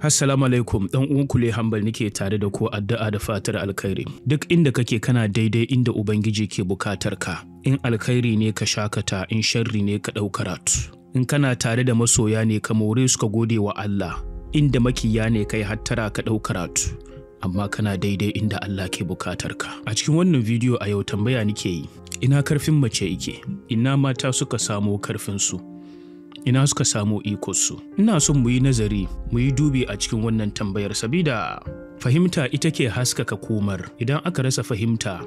Assalamu alaikum dan uwan kule hambal nake tare da ku addu'a da fatar alkhairi duk inda kake kana daidai inda ubangiji ke bukatar ka in alkhairi ne ka shakata in sharri ne ka tu. in kana tare da masoya ne ka more su ka gode wa Allah inda makiya ne kai hattara ka tu, amma kana daidai inda Allah ke bukatar ka a cikin wannan bidiyo a yau tambaya nike yi ina karfin mace yake ina mata suka samo karfin su ina suka samo ikonsu. Ina son mu yi nazari, mu yi dubi a cikin wannan tambayar sabida fahimta ita ke haskaka komar idan aka rasa fahimta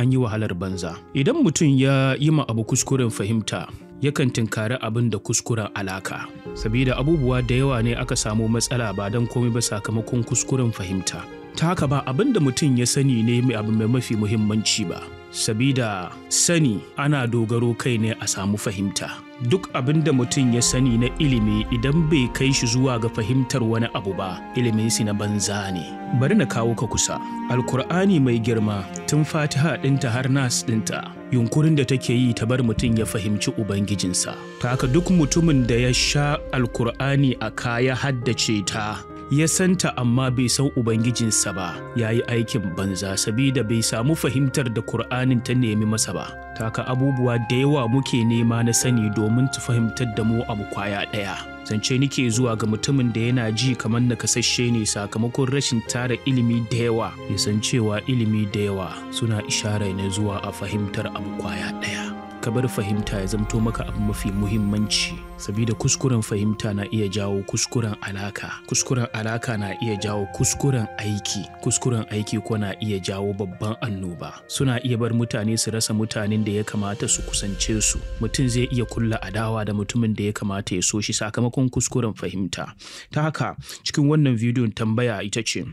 an yi wahalar banza. Idan mutum ya yi ma abu kuskuren fahimta, yakan tinkari abin da kuskuren alaka. Sabida abubuwa da yawa ne aka samu matsala ba don komai ba sakamakon kuskuren fahimta. Ta haka ba abin da mutum ya sani ne mai abu mai mafi muhimmanci ba. sabida sani ana dogaro kai ne a samu fahimta duk abin da mutum ya sani na ilimi idan bai kai shi zuwa ga fahimtar wani abu ba iliminsi na banza ne bari na kawo ka kusa alkur'ani mai girma tun fatiha ɗinta har nas ɗinta yunkurin da take yi ta bar mutum ya fahimci ubangijinsa ta haka duk mutumin da ya sha alkur'ani a kaya haddace ta ya santa amma bai san ubangijinsa ba ya yi aikin banza sabida bai samu fahimtar da kur'anin ta nemi masa ba taka abubuwa da yawa muke nema na sani domin ta fahimtar da mu abu kwaya ɗaya zance nike zuwa ga mutumin da yana ji kamar na kasashe ne sakamakon rashin tara ilimi da yawa ya san cewa ilimi da yawa suna isharai na zuwa a fahimtar abu kwaya ɗaya ka bar fahimta ya zamto maka abu mafi muhimmanci sabida kuskuren fahimta na iya jawo kuskuren alaka kuskuren alaka na iya jawo kuskuren aiki kuskuren aiki ko na iya jawo babban annoba suna iya bar mutane su rasa mutanen da ya kamata su kusance su mutum zai iya kulla adawa da mutumin da ya kamata ya so shi sakamakon kuskuren fahimta ta haka cikin wannan bidiyon tambaya ita ce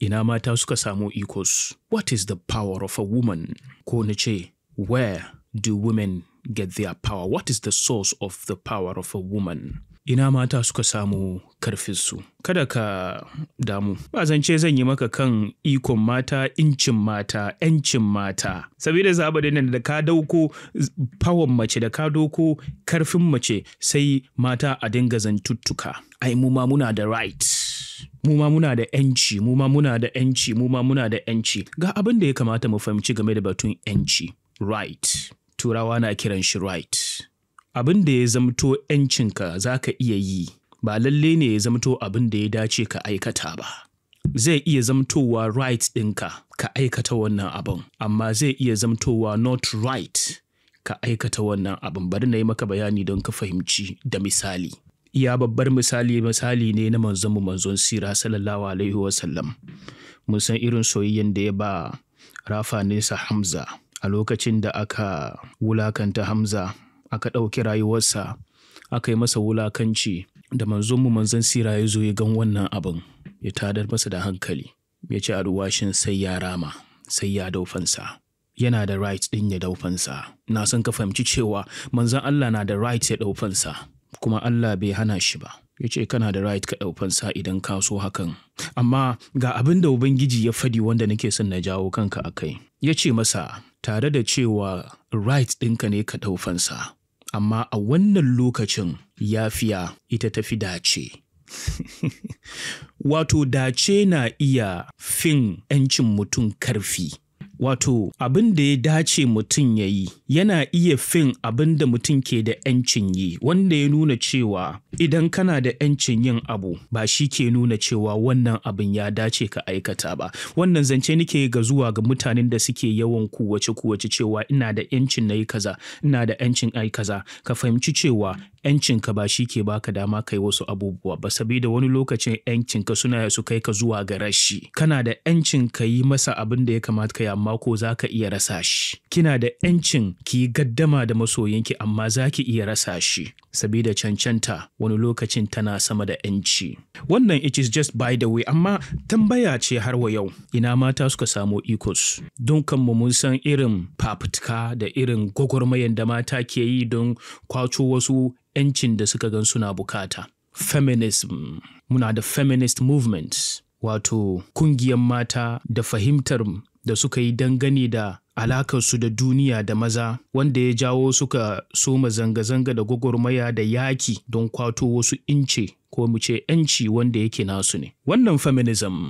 ina mata suka samu ikos what is the power of a woman ko na ce where do women get their power? What is the source of the power of a woman? Ina mata suka samu karfinsu. Kada ka damu. Ba zance zan yi maka kan ikon mata, incin mata, ‘yancin mata. Sabida zaɓa da da ka dauko fawon mace da ka dauko karfin mace sai mata a dinga zantuttuka. Ai, mu ma muna da right. mu ma muna da ‘yanci, mu ma muna da ‘yanci, mu ma muna da ‘yanci. Ga abin da ya kamata mu fahimci game da batun ‘yanci. Right. turawa na kiran shi right abin da ya zamto ‘yancinka za ka iya yi ba lalle ne ya zamto abin da ya dace ka aikata ba zai iya zamtowa right ɗinka ka aikata wannan abin amma zai iya zamtowa not right ka aikata wannan abin bari na yi maka bayani don ka fahimci da misali iya babbar misali misali ne na manzon mu manzon sira sallallahu alaihi wasallam mun san irin soyayyen da ya ba rafa nesa hamza a lokacin da aka wulakanta Hamza, aka ɗauki rayuwarsa, aka yi masa wulakanci da manzonmu manzon sira ya zo ya gan wannan abin ya tadar masa da hankali ya ce alwashin sai ya rama sai ya daufansa yana da right ɗin ya daufansa na san ka fahimci cewa manzon Allah na da right ya daufansa kuma Allah bai hana shi ba ya ce kana da right ka daufansa idan ka so hakan amma ga abin da ubangiji ya faɗi wanda nake son na jawo kanka akai ya ce masa tare da cewa right ɗinka ne ka ɗaufansa amma a wannan lokacin yafiya ita tafi dace wato dace na iya fin 'yancin mutum karfi wato abin da ya dace mutum ya yi yana iya fin abin da mutum ke da 'yancin yi wanda ya nuna cewa idan kana da 'yancin yin abu ba shi ke nuna cewa wannan abin ya dace ka aikata ba wannan zance nake ga zuwa ga mutanen da suke yawan kuwace kuwace cewa ina da 'yancin na yi kaza ina da 'yancin ai kaza ka fahimci cewa yancin ka ba shi ke baka dama kai wasu abubuwa ba saboda wani lokacin ka suna ya su kai ka zuwa ga rashi kana da 'yancin ka yi masa abin da ya kamata ka yi amma ko za ka iya rasa shi kina da 'yancin ki yi gaddama da masoyinki amma za ki iya rasa shi sabida cancanta wani lokacin tana sama da ‘yanci. Wannan it is just by the way amma tambaya ce har wa yau ina mata suka samu ikos don kanmu mun san irin fafutuka da irin gwagwarmayan da mata ke yi don kwaco wasu ‘yancin da suka gan suna bukata. Feminism muna da feminist movement wato ƙungiyar mata da fahimtar da suka yi dangane da alakarsu da duniya da maza wanda ya jawo suka soma zanga-zanga da gwagwarmaya da yaki don kwato wasu ince ko mu ce 'yanci wanda yake nasu ne. Wannan feminism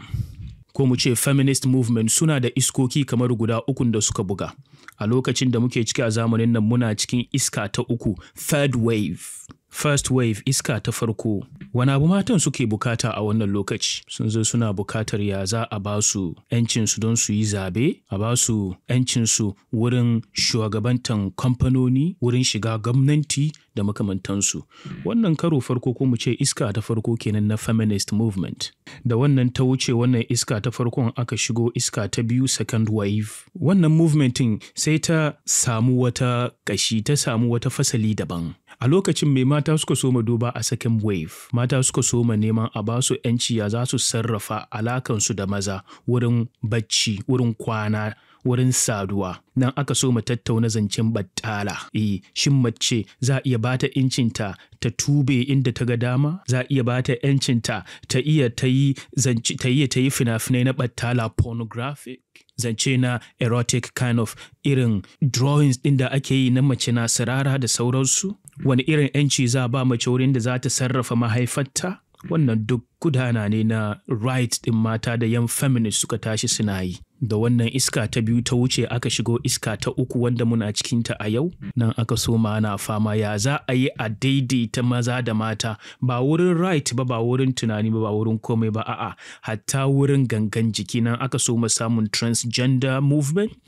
ko mu ce feminist movement suna da iskoki kamar guda ukun da suka buga. A lokacin da muke ciki a zamanin nan muna cikin iska ta uku, third wave. First wave iska ta farko. Wani abu matan suke bukata a wannan lokaci? Sun zo suna bukatar ya za a ba su ‘yancinsu don su yi zabe, a ba su ‘yancinsu wurin shugabantan kamfanoni, wurin shiga gwamnati da makamantansu. Wannan karo farko ko mu ce iska ta farko kenan na feminist movement. Da wannan ta wuce wannan iska ta farkon aka shigo iska ta biyu second wave. Wannan movementin sai ta samu wata kashi ta samu wata fasali daban. a lokacin mai mata suka soma duba a second wave mata suka soma neman a ba su yanci ya za su sarrafa alakansu da maza wurin bacci wurin kwana wurin saduwa nan aka soma tattauna zancen battala E, shin mace za iya bata incinta ta tube inda ta ga dama za iya bata yancinta ta iya ta yi zance ta iya ta yi fina-finai na battala pornographic zance na erotic kind of irin drawings din da ake yi na mace na sarara da sauransu wani irin ‘yanci za ba mace wurin da za ta sarrafa mahaifarta wannan duk gudana ne na right ɗin mata da yan feminist suka tashi suna yi da wannan iska ta biyu ta wuce aka shigo iska ta uku wanda muna cikinta a yau nan aka so ma ana fama ya za a yi a daidaita maza da mata ba wurin right ba ba wurin tunani ba ba wurin komai ba a'a hatta wurin gangan jiki nan aka so mu samun transgender movement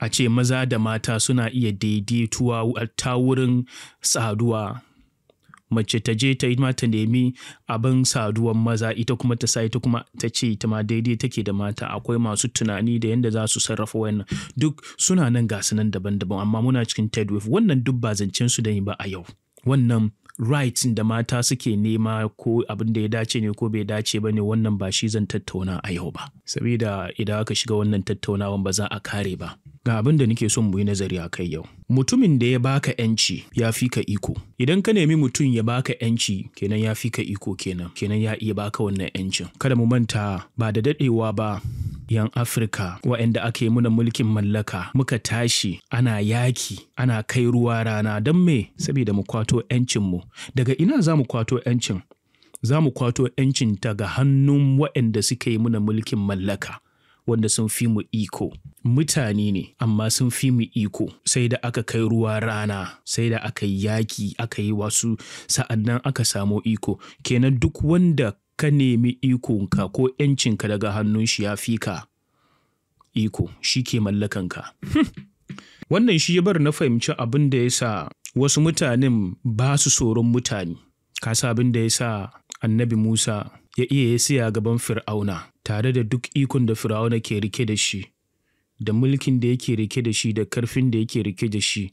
a ce maza da mata suna iya daidaituwa ta wurin saduwa mace ta je ta yi ma nemi abin saduwan maza ita kuma ta sa ita kuma ta ce ita ma daidai take da mata akwai masu tunani da yanda za su sarrafa wannan duk suna nan gasu nan daban-daban amma muna cikin third wave wannan duk ba zancen su da ba a yau wannan right da mata suke nema ko abin da ya dace ne ko bai dace ba ne wannan ba shi zan tattauna a yau ba sabida idan aka shiga wannan tattaunawan ba za a kare ba ga abin da nake son mu yi nazari a kai yau mutumin da ya baka yanci ya fi ka iko idan ka nemi mutum ya baka yanci kenan ya fi ka iko kenan kenan ya iya baka wannan yancin kada mu manta ba da dadewa ba yan afirka waɗanda ake muna mulkin mallaka muka tashi ana yaki ana kai ruwa rana don me saboda mu kwato yancin mu. daga ina za mu kwato yancin za mu kwato ta ga hannun waɗanda suka yi muna mulkin mallaka, wanda sun fi mu iko. Mutane ne, amma sun fi mu iko, sai da aka kai ruwa rana, sai da aka yi yaƙi, aka yi wasu, sa'an nan aka samo iko. Kenan duk wanda ka nemi iko ka, ko ‘yancinka daga hannun shi ya fi ka iko, shi ke mallakanka. Wannan shi ya bar na fahimci abin da ya sa wasu mutanen ba su tsoron mutane. Ka abin da ya sa annabi Musa ya iya ya siya gaban Fir'auna tare da duk ikon da Fir'auna ke rike da shi, da mulkin da yake rike da shi da karfin da yake rike da shi,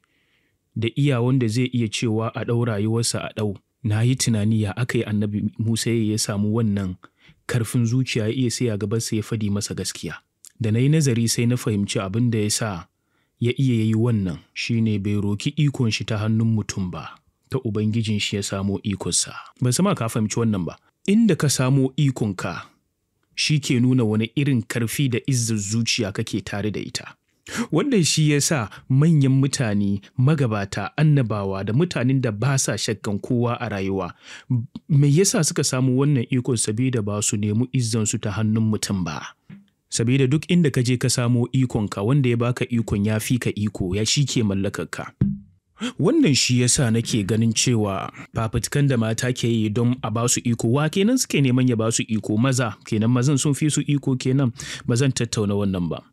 da iyawanda wanda zai iya cewa a ɗau rayuwarsa a ɗau. Na yi tunani ya aka yi annabi Musa ya samu wannan karfin zuciya ya iya siya gabansa ya fadi masa gaskiya. Da na yi nazari sai na fahimci abin da ya sa ya iya yi wannan shine bai roki ikon shi ta hannun mutum ba. ta Ubangijin shi ya samo ikonsa. Ban sama ka fahimci wannan ba. Inda ka samo ikonka shi ke nuna wani irin karfi da izzar zuciya kake tare da ita. Wannan shi ya sa manyan mutane, magabata, annabawa da mutanen da ba sa shakkan kowa a rayuwa. Me yasa suka samu wannan ikon sabida ba su nemi izansu ta hannun mutum ba. Sabida duk inda ka je ka samo ikonka wanda ya baka ikon ya fi ka iko ya shi ke mallakarka. Wannan shi yasa nake ganin cewa fafutukan da mata ke yi don a ba su iko wa kenan suke neman ya ba su iko maza kenan mazan sun fi su iko kenan ba zan tattauna wannan ba.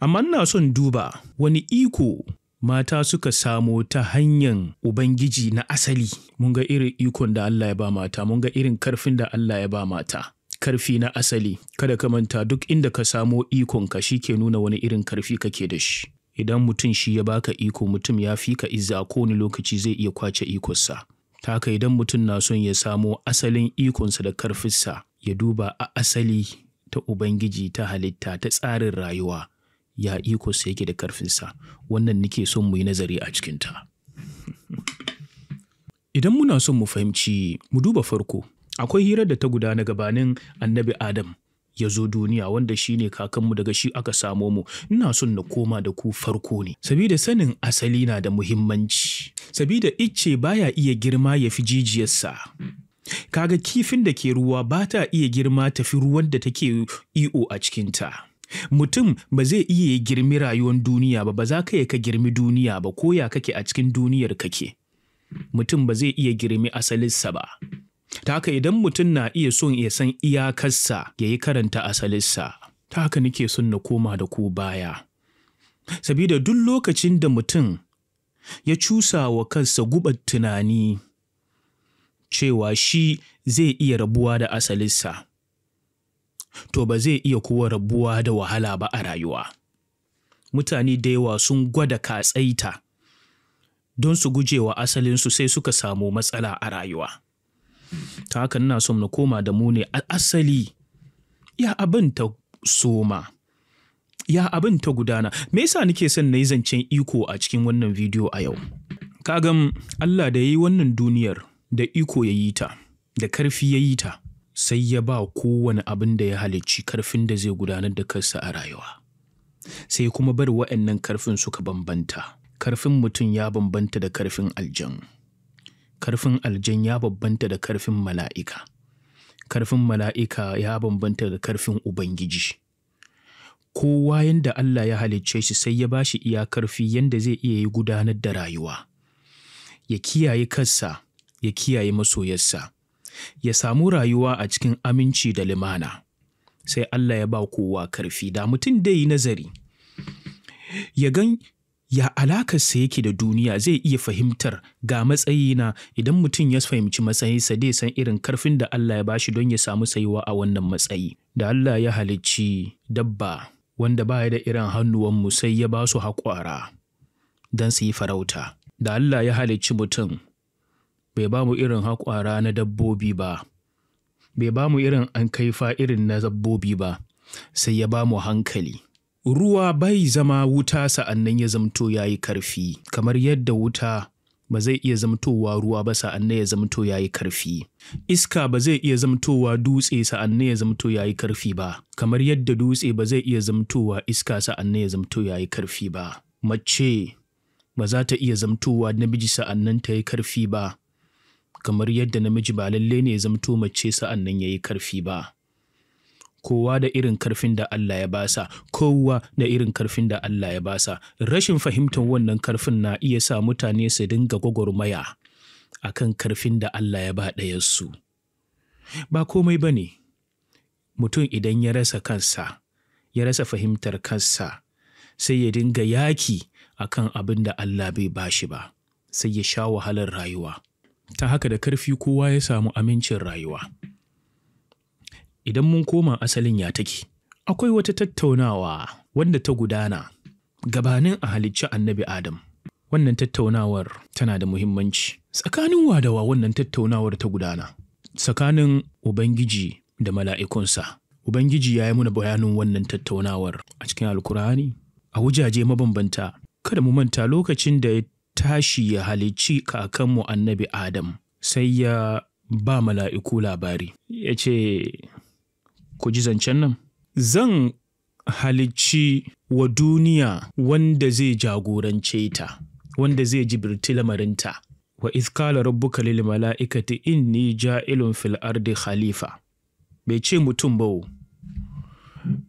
Amma ina son duba wani iko mata suka samo ta hanyar Ubangiji na asali. Mun ga irin ikon da Allah ya ba mata, mun ga irin karfin da Allah ya ba mata. Karfi na asali, kada ka manta duk inda ka samo ikonka shi ke nuna wani irin karfi kake da shi. idan mutum shi ya baka iko mutum ya fi ka izza a kowane lokaci zai iya kwace ikonsa taka idan mutum na son ya samo asalin ikonsa da karfinsa ya duba a asali ta ubangiji ta halitta ta tsarin rayuwa ya ikonsa yake da karfinsa wannan nake son mu yi nazari a cikinta idan muna son mu fahimci mu duba farko akwai hirar da ta gudana gabanin annabi adam ya zo duniya wanda shi ne kakanmu daga shi aka samo mu ina son na koma da ku farko ne sabida sanin asali na da muhimmanci sabida icce baya iya girma ya fi jijiyarsa kaga kifin da ke ruwa ba ta iya girma tafi ruwan da take iyo a cikinta mutum ba zai iya girmi rayuwar duniya ba ba za ka ka girmi duniya ba ko ya kake a cikin duniyar kake mutum ba zai iya girmi asalinsa ba Ta haka idan mutum na iya son ya san iyakarsa ya yi karanta asalinsa, ta haka nake son na koma da ku baya. Sabida duk lokacin da mutum ya cusa wa kansa gubar tunani cewa shi zai iya rabuwa da asalinsa, to ba zai iya kuwa rabuwa da wahala ba a rayuwa. Mutane da yawa sun gwada katsaita don su gujewa asalinsu sai suka samu matsala a rayuwa. ta haka ina so na koma da mu ne a asali ya abin ta soma ya abin ta gudana me yasa nake son na yi zancen iko a cikin wannan bidiyo a yau kagan Allah da ya yi wannan duniyar da iko ya yi ta da karfi ya yi ta sai ya ba kowane abin da ya halicci karfin da zai gudanar da kansa a rayuwa sai kuma bar wa'annan karfin suka bambanta karfin mutum ya bambanta da karfin aljan karfin aljan ya bambanta da karfin mala'ika karfin mala'ika ya bambanta da karfin ubangiji kowa yanda Allah ya halicce shi sai ya ba shi iya karfi yanda zai iya yi gudanar da rayuwa ya kiyaye kansa ya kiyaye masoyarsa ya samu rayuwa a cikin aminci da limana sai Allah ya ba kowa karfi da mutum dai nazari ya gan ya alakar sa yake da duniya zai iya fahimtar ga matsayina idan mutum ya fahimci matsayinsa dai san irin karfin da Allah ya bashi don ya samu sayuwa a wannan matsayi. Da Allah ya halicci dabba wanda ba da irin hannuwanmu sai ya ba su haƙwara don su yi farauta. Da Allah ya halicci mutum bai ba mu irin haƙwara na dabbobi ba, bai ba mu irin an kaifa irin na dabbobi ba, sai ya ba mu hankali. ruwa bai zama wuta sa'annan ya zamto ya yi karfi kamar yadda wuta ba zai iya zamtowa ruwa ba sa'annan ya zamto ya yi karfi iska ba zai iya zamtowa dutse sa'annan ya zamto ya yi karfi ba kamar yadda dutse ba zai iya zamtowa iska sa'annan ya zamto ya yi karfi ba mace ba za ta iya zamtowa namiji sa'annan ta yi karfi ba kamar yadda namiji ba lallai ne ya zamto mace sa'annan ya yi karfi ba kowa da irin karfin da Allah ya basa kowa da irin karfin da Allah ya basa rashin fahimtar wannan karfin na iya sa mutane su dinga gwagwarmaya kan karfin da Allah ya ba ɗayarsu ba komai ba ne mutum idan ya rasa kansa ya rasa fahimtar kansa sai ya dinga yaki kan abin da Allah bai bashi ba sai ya sha wahalar rayuwa ta haka da karfi kowa ya samu amincin rayuwa idan mun koma asalin ya take. Akwai wata tattaunawa wanda ta gudana gabanin a halicci annabi Adam. Wannan tattaunawar tana da muhimmanci. Tsakanin wadawa wannan tattaunawar ta gudana. Tsakanin Ubangiji da mala'ikunsa. Ubangiji ya yi muna bayanin wannan tattaunawar a cikin Alkur'ani. A wujaje mabambanta, kada mu manta lokacin da ya tashi ya halicci kakanmu annabi Adam, sai ya ba mala'iku labari. Ya ce, ku ji zancen nan zan halicci wa duniya wanda zai jagorance ta wanda zai jibirti lamarinta wa iskala rabbuka lil mala'ikati inni ja'ilun fil khalifa bai ce mutum ba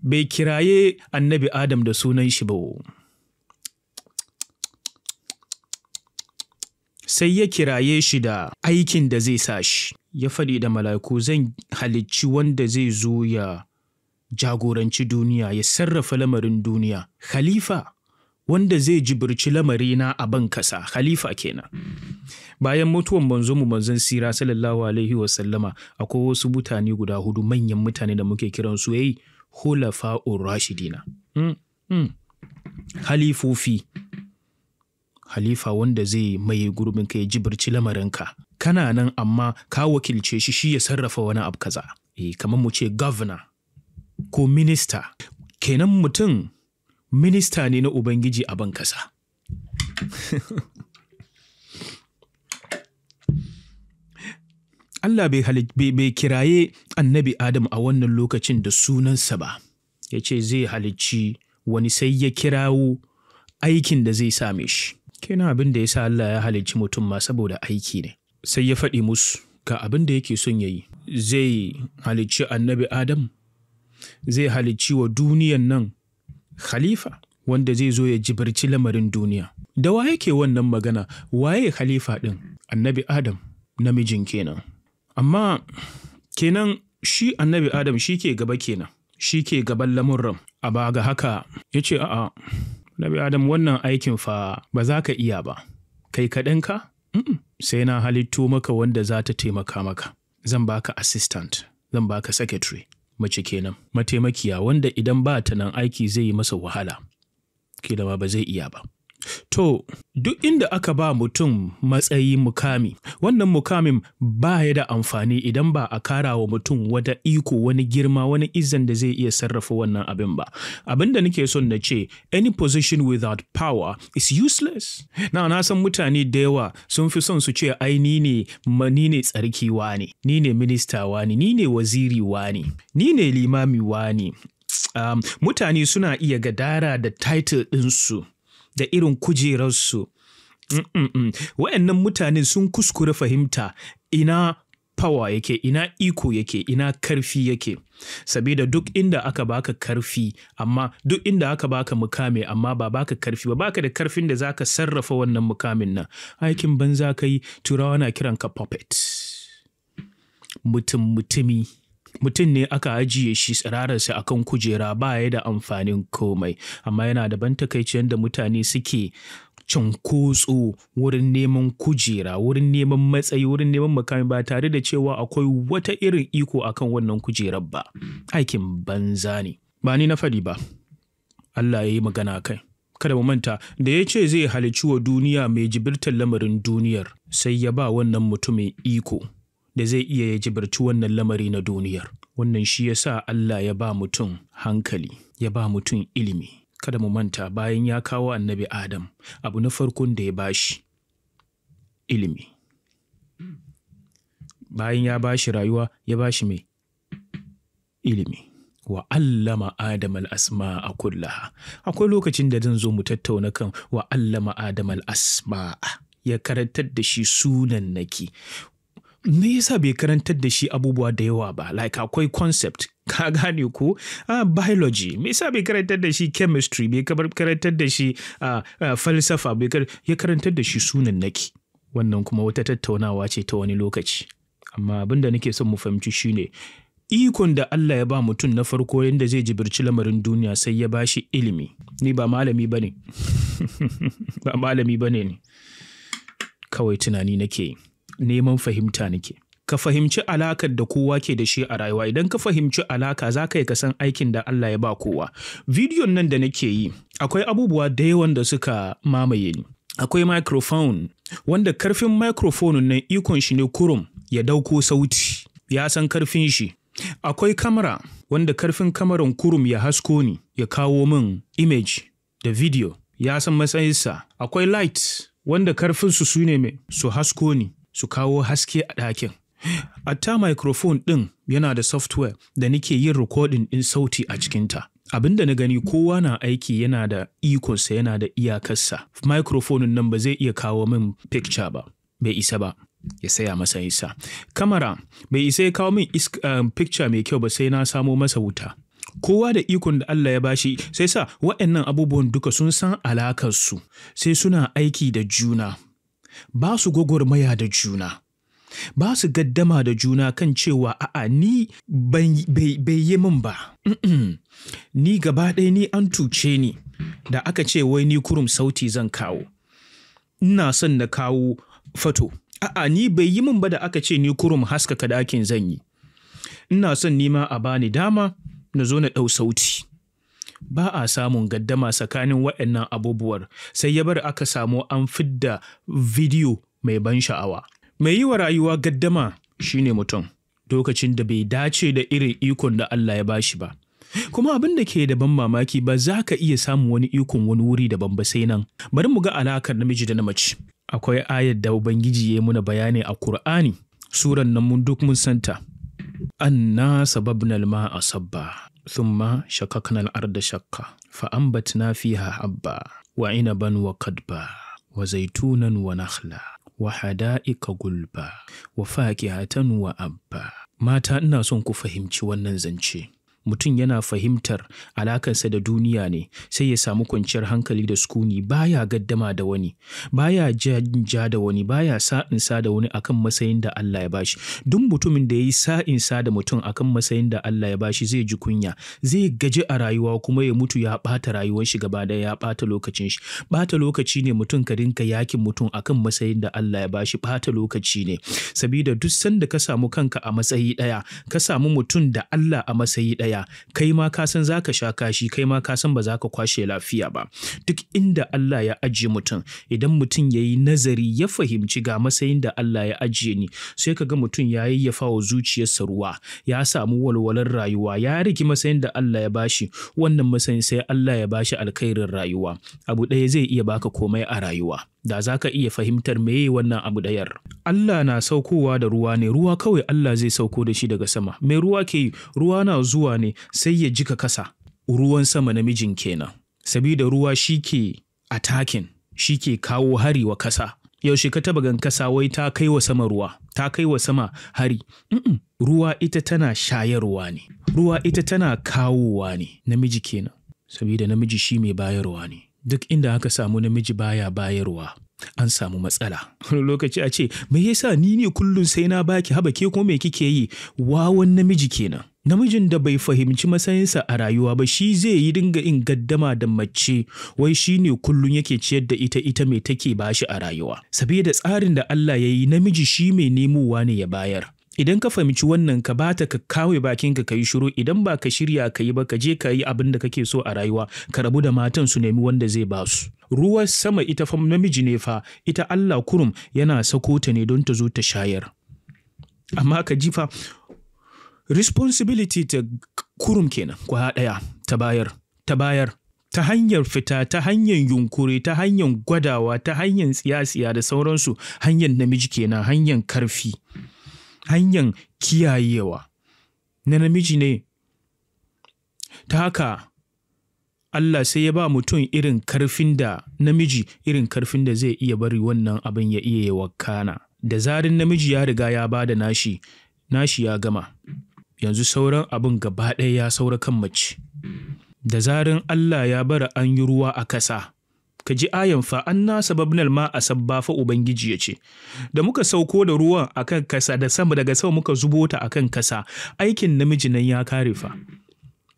bai kiraye annabi adam da sunan shi ba sai ya kiraye shi da aikin da zai sa shi ya faɗi da mala'iku zan halicci wanda zai zo ya jagoranci duniya ya sarrafa lamarin duniya khalifa wanda zai jibirci lamarina a ban kasa khalifa kenan bayan mutuwan manzo mu manzon sira sallallahu alaihi wa sallama akwai wasu mutane guda hudu manyan mutane da muke kiran su yayi hulafa'ur rashidina mm, khalifofi halifa wanda zai mai gurbin ka ya jibirci lamarinka kana nan amma ka wakilce shi shi ya sarrafa wani abu kaza e, kamar mu ce governor ko minista. kenan mutum minista ne na ubangiji a ban kasa Allah bai kiraye annabi Adam a wannan lokacin da sunansa ba, ya ce zai halicci wani sai ya kirawo aikin da zai same shi. Kenan abin da ya sa Allah ya halicci mutum ma saboda aiki ne. Sai ya faɗi musu ga abin da yake son ya yi, zai halicci annabi Adam, zai halicci wa duniyan nan khalifa wanda zai zo ya jibirci lamarin duniya. Da wa yake wannan magana, waye khalifa ɗin? Annabi Adam, namijin kenan. Amma kenan shi annabi Adam shi ke gaba kenan, shi ke gaban lamurran. A ba ga haka, ya ce a'a. Nabi Adam wannan aikin fa ba za ka iya ba, kai kaɗanka? Sai na halittu maka wanda za ta taimaka maka. Zan baka assistant, zan baka secretary, mace kenan, mataimakiya wanda idan ba ta nan aiki zai yi masa wahala, kila ma ba zai iya ba. To, duk inda aka ba mutum matsayi mukami, wannan mukamin ba ya da amfani idan ba a kara wa mutum wata iko wani girma wani izan da zai iya sarrafa wannan abin ba. Abin da nake son na ce, any position without power is useless. Na na san mutane da yawa sun fi son su ce ai ni ne ni ne tsarki wani, ni ne minista wani, ni ne waziri wani, ni ne limami wani. Um, mutane suna iya gadara da title ɗinsu. da irin kujerarsu. Mm, mm, mm. Wa'yannan mutanen sun kuskure fahimta ina fawa yake, ina iko yake, ina karfi yake. Sabida duk inda aka baka karfi, amma duk inda aka baka mukami amma ba baka karfi ba, baka da karfin da zaka sarrafa wannan mukamin nan. Aikin banza kai turawa na kiranka puppet. Mutum mutumi. mutum ne aka ajiye shi tsirararsa a kan kujera ba ya da amfanin komai amma yana da ban takaici yadda mutane suke cunkoso wurin neman kujera wurin neman matsayi wurin neman makami ba tare da cewa akwai wata irin iko akan wannan kujerar ba aikin banza ne ba ni na faɗi ba Allah ya yi magana kai kada mu manta da ya ce zai halicci wa duniya mai jibirtar lamarin duniyar sai ya ba wannan mutumin iko da zai iya ya jibarci wannan lamari na duniyar. Wannan shi ya sa Allah ya ba mutum hankali, ya ba mutum ilimi. Kada mu manta bayan ya kawo annabi Adam, abu na farkon da ya ba shi ilimi. Bayan ya ba shi rayuwa, ya ba shi mai ilimi. wa allama adam al'asma a kullaha akwai lokacin da zan zo mu tattauna kan wa allama adam al'asma ya karantar da shi sunan naki me yasa bai karantar da shi abubuwa da yawa ba like akwai concept ka gane ko uh, ah, biology me yasa bai karantar da shi chemistry bai karantar da shi uh, uh, falsafa bai ya karantar da shi sunan naki wannan kuma wata tattaunawa ce ta wani lokaci amma abin da nake son mu fahimci shine ikon da Allah ya ba mutum na farko yadda zai jibirci lamarin duniya sai ya ba shi ilimi ni ba malami ba ne ba malami ba ne kawai tunani nake yi neman fahimta nake. Ka fahimci alakar da kowa ke da shi a rayuwa idan ka fahimci alaka za ka yi ka san aikin da Allah ya ba kowa. Bidiyon nan da nake yi akwai abubuwa da yawan da suka mamaye ni. Akwai microphone wanda karfin microphone nan ikon shi ne kurum ya dauko sauti ya san karfin shi. Akwai kamera wanda karfin kamaran kurum ya hasko ni ya kawo min image da video ya san matsayinsa. Akwai light wanda karfinsu su ne su hasko ni su kawo haske a ɗakin. Atta microphone ɗin yana da software da nake yin recording ɗin sauti a cikinta. Abin da na gani kowa na aiki yana da ikonsa yana da iyakarsa. Microphone nan ba zai iya kawo min picture ba, bai isa ba. Ya saya masa isa. Kamara bai isa ya kawo min um, picture mai kyau ba sai na samo masa wuta. kowa da ikon da Allah ya bashi sai sa waɗannan abubuwan duka sun san alakarsu sai suna aiki da juna ba su gwagwarmaya da juna ba su gaddama da juna kan cewa a'a ni bai yi min ba ni gaba ɗaya ni an tuce ni da aka ce wai ni kurum sauti zan kawo ina son na kawo fato a'a ni bai yi min ba da aka ce ni kurum haskaka ɗakin zan yi ina son nima a bani dama na zo na ɗau sauti ba a samun gaddama tsakanin waɗannan abubuwar sai ya bar aka samu an fidda bidiyo mai ban sha'awa. Mai yi wa rayuwa gaddama shine mutum lokacin da bai dace da irin ikon da Allah ya bashi ba. kuma abin da ke da ban mamaki ba za ka iya samun wani ikon wani wuri daban ba sai nan bari mu ga alakar namiji da na mace akwai ayar da ubangiji ya yi muna bayani a Kur'ani. suran nan mun duk mun santa anna sababnal a sabba ثم شققنا الأرض شقا فأنبتنا فيها حبا وعنبا وقدبا وزيتونا ونخلا وحدائق غلبا وفاكهة وأبا mata ina son ku fahimci wannan zance mutum yana fahimtar alakansa da duniya ne sai ya samu kwanciyar hankali da sukuni baya gaddama da wani baya ja da wani baya sa'insa da wani akan matsayin da Allah ya bashi duk mutumin da ya yi sa'insa da mutum akan matsayin da Allah ya bashi zai ji kunya zai gaji a rayuwa kuma ya mutu ya bata rayuwar shi gaba da ya bata lokacin shi bata lokaci ne mutum ka dinka yakin mutum akan matsayin da Allah ya bashi bata lokaci ne sabida duk sanda ka samu kanka a matsayi ɗaya ka samu mutum da Allah a matsayi ɗaya yaya kai ma ka san zaka sha kashi kai ma ka san ba za ka kwashe lafiya ba duk inda Allah ya ajiye mutum idan mutum ya yi nazari ya fahimci ga matsayin da Allah ya ajiye ni sai ka ga mutum ya yayyafa wa zuciyarsa ruwa ya samu walwalar rayuwa ya riki matsayin da Allah ya bashi wannan matsayin sai Allah ya bashi alkhairin rayuwa abu ɗaya zai iya baka komai a rayuwa da za ka iya fahimtar me wannan abu ɗayar. Allah na saukowa da ruwa ne, ruwa kawai Allah zai sauko da shi daga sama. Mai ruwa ke yi, ruwa na zuwa ne sai ya jika kasa ruwan sama namijin kenan sabida ruwa shi ke takin, shi ke kawo hari wa kasa yaushe ka taba gan kasa wai ta kai wa sama ruwa ta kai wa sama hari ruwa ita tana shayarwa ne ruwa ita tana kawowa ne namiji kenan sabida namiji shi mai bayarwa ne duk inda aka samu namiji baya bayarwa an samu matsala wani lokaci a ce me yasa ni ne kullum sai na baki haba ke kuma me kike yi wawan namiji kenan namijin da bai fahimci matsayinsa a rayuwa ba shi zai yi dinga in gaddama da mace wai shi ne kullum yake ciyar da ita ita mai take ba shi a rayuwa Sabida tsarin da Allah ya yi namiji shi mai nemowa ne ya bayar idan ka fahimci wannan ka bata ka kawai bakin ka yi shiru idan ba ka shirya ka yi ba ka je ka yi abin da kake so a rayuwa ka rabu da matan su nemi wanda zai ba su ruwan sama ita fa namiji ne fa ita Allah kurum yana sako ta ne don ta zo ta shayar amma ka jifa Responsibility ta kurum kenan kwa ɗaya ta bayar, ta bayar, ta hanyar fita, ta hanyar yunkuri, ta hanyar gwadawa, ta hanyar tsiya-tsiya da sauransu, hanyar namiji kenan, hanyar karfi, hanyar kiyayewa. Na namiji ne, ta haka Allah sai ya ba mutum irin karfin da namiji irin karfin da zai iya bari wannan abin ya iya yi kana Da zarin namiji ya riga ya ba da nashi, nashi ya gama. yanzu sauran abin gaba ɗaya ya saura kan mace da zarin Allah ya bara an yi ruwa a kasa ka ji ayan fa an na sababnal ma a sabba fa ubangiji ya ce da muka sauko da ruwan akan kasa da sama daga sama muka zubo ta akan kasa aikin namiji nan ya kare fa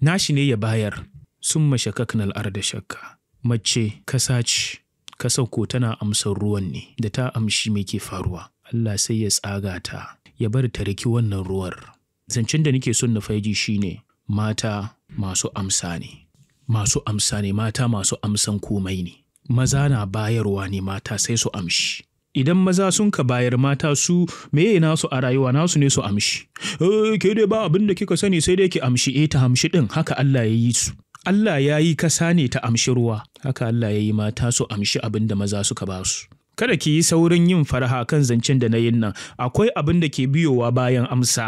nashi ne ya bayar sun mashakaknal arda shakka mace kasa ce ka sauko tana amsar ruwan ne da ta amshi me ke faruwa Allah sai ya tsaga ta ya bar ta riki wannan ruwar zancen da nake son na faiji shine mata masu amsa ne masu amsa ne mata masu amsan komai ne maza na bayarwa ne mata sai su amshi idan maza sun ka bayar mata su meye nasu a rayuwa nasu ne su amshi eh, ke dai ba abin da kika sani sai dai ki amshi E, ta amshi din haka Allah ya yi su Allah ya yi kasa ne ta amshi ruwa haka Allah ya yi mata su amshi abin da maza suka ba su kada ki yi saurin yin faraha kan zancen da na yin nan akwai abin da ke biyowa bayan amsa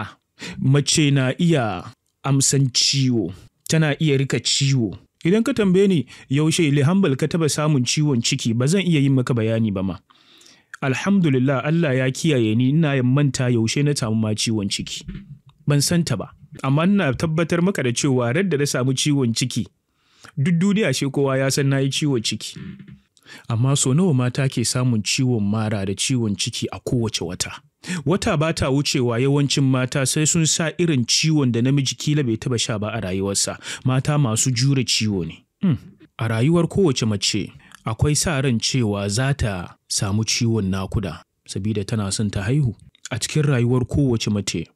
Mace na iya amsan ciwo, tana iya rika ciwo. Idan ka tambaye ni yaushe lihambal ka taba samun ciwon ciki ba zan iya yin maka bayani ba ma. Alhamdulillah Allah ya kiyaye ni ina manta yaushe na samu ma ciwon ciki. Ban santa ba, amma ina tabbatar maka da cewa radda na samu ciwon ciki. Duk duniya shi kowa ya san na yi ciwon ciki. Amma so nawa mata ke samun ciwon mara da ciwon ciki a kowace wata. Wata ba ta wucewa yawancin mata sai sun sa irin ciwon da namiji kila bai taba sha ba a rayuwarsa. Mata masu jure ciwo ne. Hmm. A rayuwar kowace mace akwai sa ran cewa za ta samu ciwon nakuda sabida tana son ta haihu. A cikin rayuwar kowace mace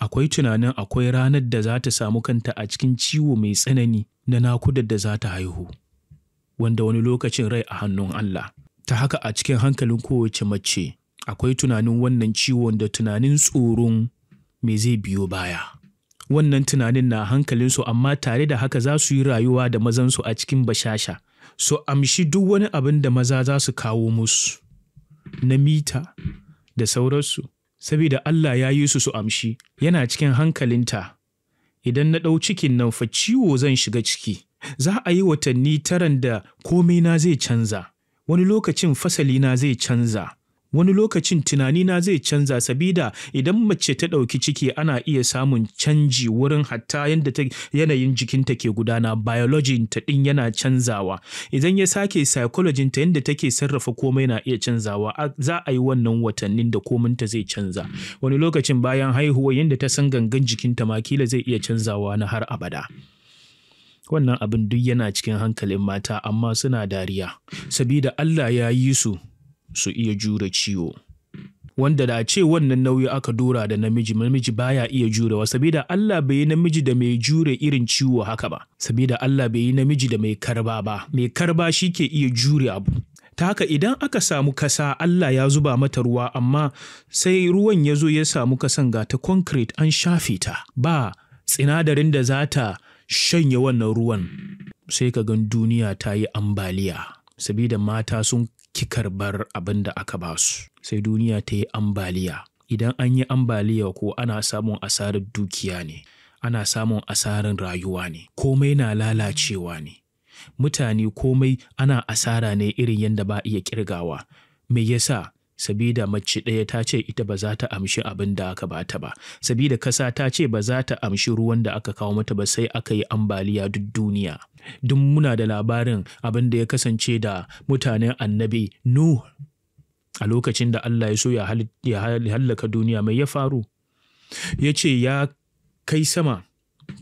akwai tunanin akwai ranar da za ta samu kanta a cikin ciwo mai tsanani na nakudar da za ta haihu. Wanda wani lokacin rai a hannun Allah. Ta haka a cikin hankalin kowace mace akwai tunanin wannan ciwon da tunanin tsoron me zai biyo baya wannan tunanin na hankalinsu amma tare da haka za su yi rayuwa da mazansu a cikin bashasha su so, amshi duk wani abin da maza za su kawo musu na mita da sauransu saboda Allah ya yi su su amshi yana cikin hankalinta idan na ɗau cikin nan fa ciwo zan shiga ciki za a yi watanni taran da komai na zai canza wani lokacin fasali na zai canza wani lokacin tunanina zai canza sabida idan mace ta ɗauki ciki ana iya samun canji wurin hatta yadda yanayin jikinta ke gudana biology ta ɗin yana canzawa idan ya sake psychology ta yadda take sarrafa komai na iya canzawa za a yi wannan watannin da kominta zai canza wani lokacin bayan haihuwa yadda ta san gangan jikinta ma zai iya canzawa na har abada. Wannan abin duk yana cikin hankalin mata amma suna dariya, sabida Allah ya yi su su iya jure ciwo wanda da ce wannan nauyi aka dora da namiji namiji baya iya jurewa sabida Allah bai yi namiji da mai jure irin ciwo haka ba sabida Allah bai yi namiji da mai karba ba mai karba shi ke iya jure abu ta haka idan aka samu kasa Allah ya zuba mata ruwa amma sai ruwan ya zo ya samu kasan ga ta concrete an shafe ta ba sinadarin da za ta shanye wannan ruwan sai ka gan duniya ta yi ambaliya sabida mata sun ki karbar abin da aka ba su sai duniya ta yi ambaliya idan an yi ambaliya ko ana samun asarar dukiya ne ana samun asarar rayuwa ne komai na lalacewa ne mutane komai ana asara ne irin yadda ba iya kirgawa me yasa sabida mace ɗaya ta ce ita ba za ta amshi abin da aka bata ba sabida kasa ta ce ba za ta amshi ruwan da aka kawo mata ba sai aka yi ambaliya duk duniya duk muna da labarin abin da ya kasance da mutanen annabi nu a lokacin da Allah ya so ya hallaka duniya mai ya faru ya ce ya kai sama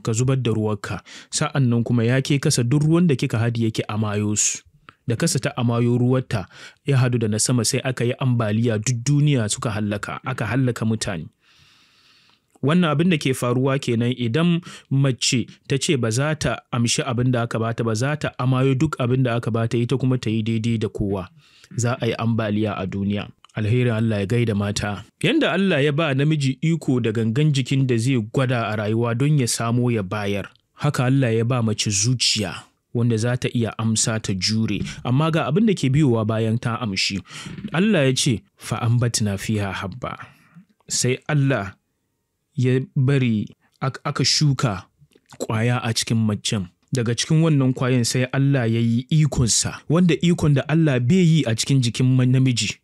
ka zubar da ruwanka sa'an nan kuma ya ke kasa duk ruwan da kika hadi yake mayo su da kasa ta amayo ruwarta ya hadu da na sama sai aka yi ambaliya duk duniya suka hallaka aka hallaka mutane wannan abin da ke faruwa kenan idan mace ta ce ba za ta amshi abin da aka bata ba za ta amayo duk abin da aka bata ita kuma ta yi daidai da kowa za a yi ambaliya a duniya alherin Allah ya gaida mata yanda Allah ya ba namiji iko da gangan jikin da zai gwada a rayuwa don ya samo ya bayar haka Allah ya ba mace zuciya wanda za ta iya amsa ta jure amma ga abin da ke biyowa bayan ta amshi Allah ya ce na fiya habba sai Allah ya bari aka shuka ƙwaya a cikin macen daga cikin wannan kwayan sai Allah ya yi ikonsa wanda ikon da Allah bai yi a cikin jikin namiji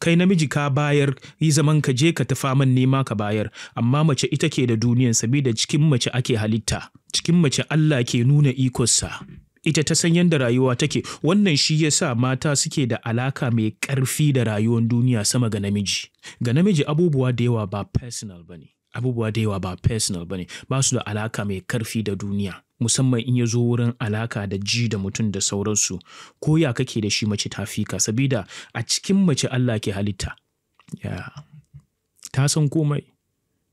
kai namiji ka bayar yi zaman ka je ka tafa man nema ka bayar amma mace ita ke da duniyan sabida cikin mace ake halitta cikin mace Allah ke nuna ikonsa ita ta san yadda rayuwa take wannan shi ya sa mata suke da alaka mai ƙarfi da rayuwar duniya sama ga namiji ga namiji abubuwa da yawa ba personal bane abubuwa da yawa ba personal bane ba su da alaka mai ƙarfi da duniya musamman in ya zo wurin alaka da ji da mutum da sauransu ko ya kake da shi mace ta fika sabida a cikin mace Allah ke halitta ta san komai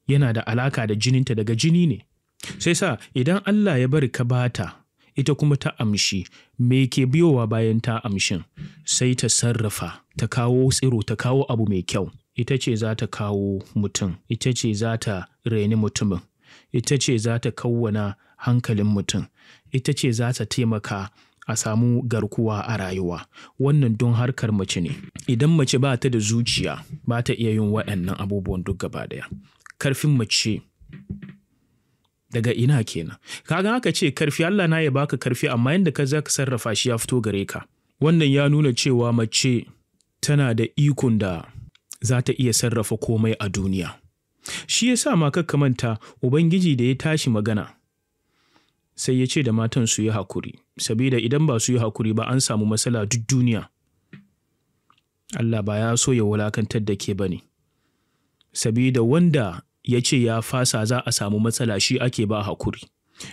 yana da alaka da jininta daga jini ne sai sa idan Allah ya bari ka bata ita kuma ta amshi me ke biyowa bayan ta amshin sai ta sarrafa ta kawo tsiro ta kawo abu mai kyau ita ce za ta kawo mutum ita ce za ta reni mutumin ita ce za ta kawwana hankalin mutum ita ce za ta taimaka a samu garkuwa a rayuwa wannan don harkar mace ne idan mace ba ta da zuciya ba ta iya yin waɗannan abubuwan duk gaba ɗaya karfin mace daga ina kenan kaga aka ce karfi Allah na ya baka karfi amma yanda ka zaka sarrafa shi ya fito gare ka wannan ya nuna cewa mace tana da ikon da za ta iya sarrafa komai a duniya shi ya sa ma kakka manta ubangiji da ya tashi magana sai ya ce da matan su yi hakuri sabida idan ba su yi hakuri ba an samu matsala duk duniya Allah ba ya so ya wulakantar da ke bane sabida wanda ya ce ya fasa za a samu matsala shi ake ba hakuri.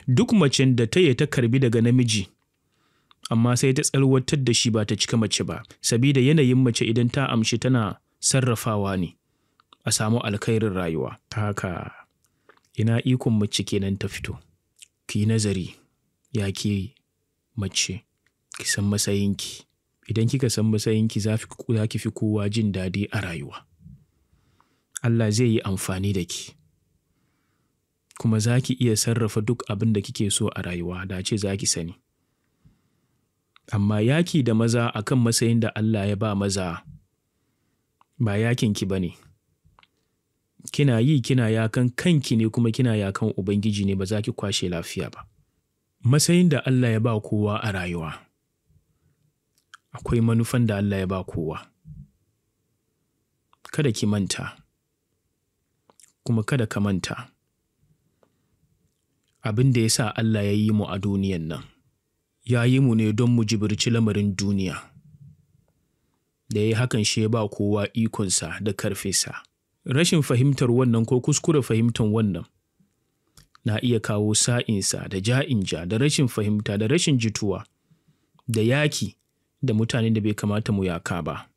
Duk macen da ta yi ta karbi daga namiji, amma sai ta tsalwatar da shi ba ta cika mace ba, sabida yanayin mace idan ta amshi tana sarrafawa ne a samu alkhairin rayuwa. Ta haka, ina ikon mace kenan ta fito, ki nazari, ya ke mace, ki san matsayinki. Idan kika san matsayinki za ki fi kowa jin daɗi a rayuwa. Allah zai yi amfani da ki. Kuma za ki iya sarrafa duk abin da kike so a rayuwa, da ce za ki sani. Amma yaki da maza a kan matsayin da Allah ya ba maza ba ki ba ne. Kina yi kina yakan kanki ne kuma kina yakan Ubangiji ne ba za ki kwashe lafiya ba. Matsayin da Allah ya ba kowa a rayuwa, akwai manufan da Allah ya ba kowa. Kada ki manta. kuma kada ka manta abin da ya sa Allah ya yi mu a duniyan nan ya yi mu ne don mu jibirci lamarin duniya da ya yi hakan shi ya ba kowa ikonsa da karfesa rashin fahimtar wannan ko kuskure fahimtar wannan na iya kawo sa'insa da ja'inja da rashin fahimta da rashin jituwa da yaki da mutanen da bai kamata mu yaka ba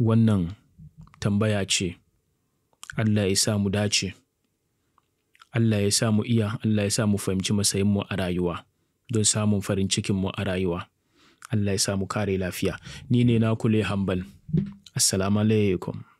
wannan tambaya ce Allah ya sa mu dace Allah ya sa mu iya Allah ya sa mu fahimci matsayinmu a rayuwa don samun farin cikinmu a rayuwa Allah ya sa mu kare lafiya ni ne na kule hambal assalamu alaikum